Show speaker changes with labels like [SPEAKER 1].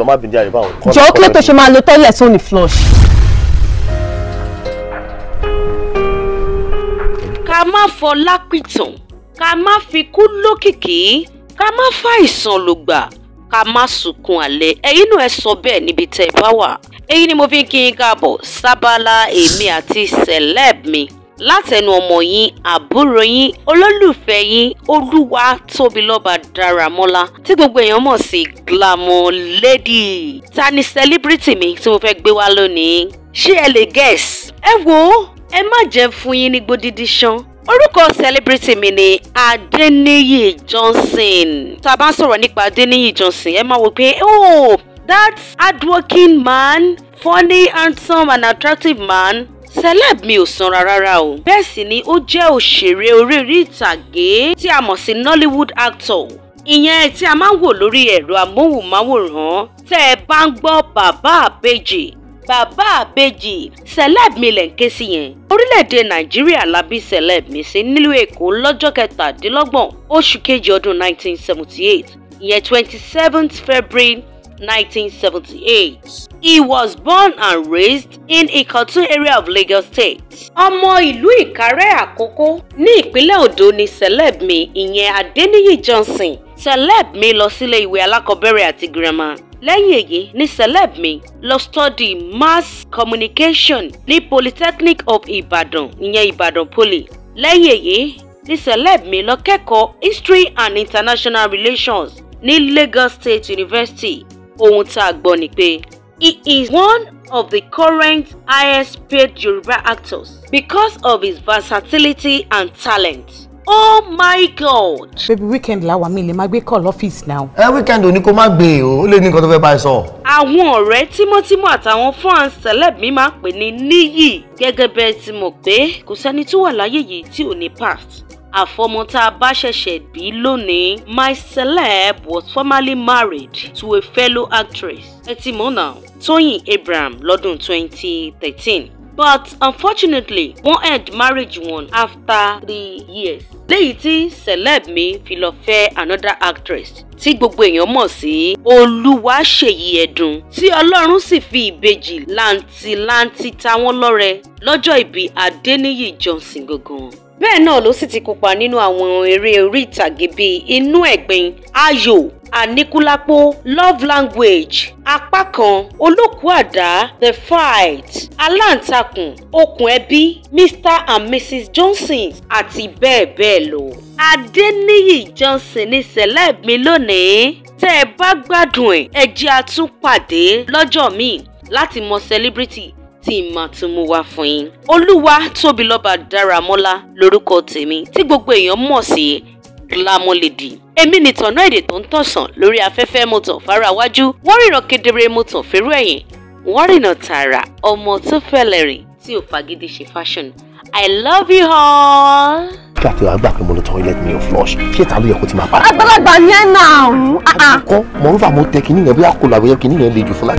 [SPEAKER 1] jọ má bìí àyè báwọn. jọ kí ló tó ṣe máa lo toilet tó flush. ká má fọ lápìtàn ká má fi kú lókìkí ká má fàìsàn lògbà ká má sunkún alẹ́ ẹ̀yin náà ẹ sọ bẹ́ẹ̀ níbi tẹ́ ẹ bá wà èyí ni mo fi ń kí yín káàbọ̀ sábàlá èmi àti celeb mi látẹnu ọmọ yín àbúrò yín olólùfẹ́ yín olúwa tóbi lọ́ba dáramọ́lá tí gbogbo èèyàn mọ̀ sí glamour lady ta ni celebrity mi tí mo fẹ́ gbé wá lónìí ṣé ẹ lè guess ẹ wo ẹ má jẹ́ fún yín ní gbódídí ṣán orúkọ celebrity mi ni Adeniyi Johnson tá a bá ń sọ̀rọ̀ nípa Adeniyi Johnson ẹ máa wò pé oh that hardworking man funny handsome and attractive man celeb mi ò sanra rárá o bẹ́ẹ̀ sì ni ó jẹ́ òṣèré orí ìtàgé tí a mọ̀ sí Nollywood actor ìyẹn tí a máa ń wò lórí ẹ̀rọ amóhùnmáwòrán tẹ́ ẹ bá ń gbọ́ bàbá àbèjì bàbá àbèjì celeb mi lẹ̀ ń ké sí yẹn orílẹ̀-èdè nàìjíríà la bí celeb mi sí nílùú èkó lọ́jọ́ kẹtàdínlọ́gbọ̀n oṣù kejì ọdún 1978 ìyẹn 27th February 1978. He was born and raised in Ikotun area of Lagos State. Ọmọ ìlú Ìkárẹ́ Àkókó ní ìpínlẹ̀ Ondo ni celeb mi ìyẹn Adeniyi Johnson. Celeb mi lọ sílé ìwé alákọ̀ọ́bẹ̀rẹ̀ àti girama. Lẹ́yìn èyí ni celeb mi lọ study mass communication ní Polytechnic of Ibadan ìyẹn Ibadan Poly. Lẹ́yìn èyí ni celeb mi lọ kẹ́kọ̀ọ́ history and international relations ní Lagos State University ohun tá a gbọ́ ni pé he is one of the current highest paid Yoruba actors because of his versatility and talent. Oh my God! Baby weekend la wà mí lè máa gbé call office now. Ẹ eh, weekend ò ní kó má gbé e o, ó lè ní nǹkan tó fẹ́ bá ẹ sọ. Àwọn ọ̀rẹ́ tímọ́tímọ́ àtàwọn fans celeb mi máa ń pè ní níyì gẹ́gẹ́ bẹ́ẹ̀ ti mọ̀ pé kò sẹ́ni tó wà láyé yìí tí ò ní past àfọmọ tá a bá ṣẹ̀ṣẹ̀ bí lónìí my celeb was formerly married to a fellow actress ẹ ti Tóyìn Abraham lọ́dún 2013 but unfortunately wọ́n end marriage one after three years léyìí tí celeb mi fi lọ fẹ́ another actress tí gbogbo èèyàn mọ̀ sí Olúwaṣèyí Ẹ̀dùn tí Ọlọ́run sì fi ìbejì làǹtìlanti ta wọ́n lọ́rẹ lọ́jọ́ ìbí Adéníyì Johnson gangan bẹ́ẹ̀ náà ló sì ti kópa nínú àwọn eré orí ìtàgé bíi inú ẹ̀gbin ayò àníkúlápó love language apá kan olókùú àdá the fight aláǹtakùn okùn ẹbí mr and mrs johnson àti bẹ́ẹ̀ bẹ́ẹ̀ lọ. adéníyì johnson ni celeb mi lónìí tẹ́ ẹ bá gbádùn ẹ̀ ẹ jẹ́ àtúnpàdé lọ́jọ́ míì láti mọ celebrity tí ì máa tún mú wá fún yín. olúwa tóbi lọ́ba dáramọ́lá lórúkọ tèmi tí gbogbo èèyàn mọ̀ sí Glamour Lady èmi e nìtànná èdè tó ń tọ̀sán lórí afẹ́fẹ́ mo tàn fara wájú wọ́n rìnà kedere mo tàn fẹ́rù ẹ̀yìn wọ́n rìnà tààrà ọmọ tó fẹ́lẹ̀ rìn tí ò fagídí ṣe fashion I love you all. kí àti wàá gbà pé mo lọ tọ́ ilé mi ò flush ṣé ìta ló yẹ kó ti máa pa. àgbàlagbà ni ẹ nà ọ̀hún. àkọ́kọ́ mọ̀rúfà mo tẹ kinní yẹn bí a kò làwẹ̀ le jù fún láti.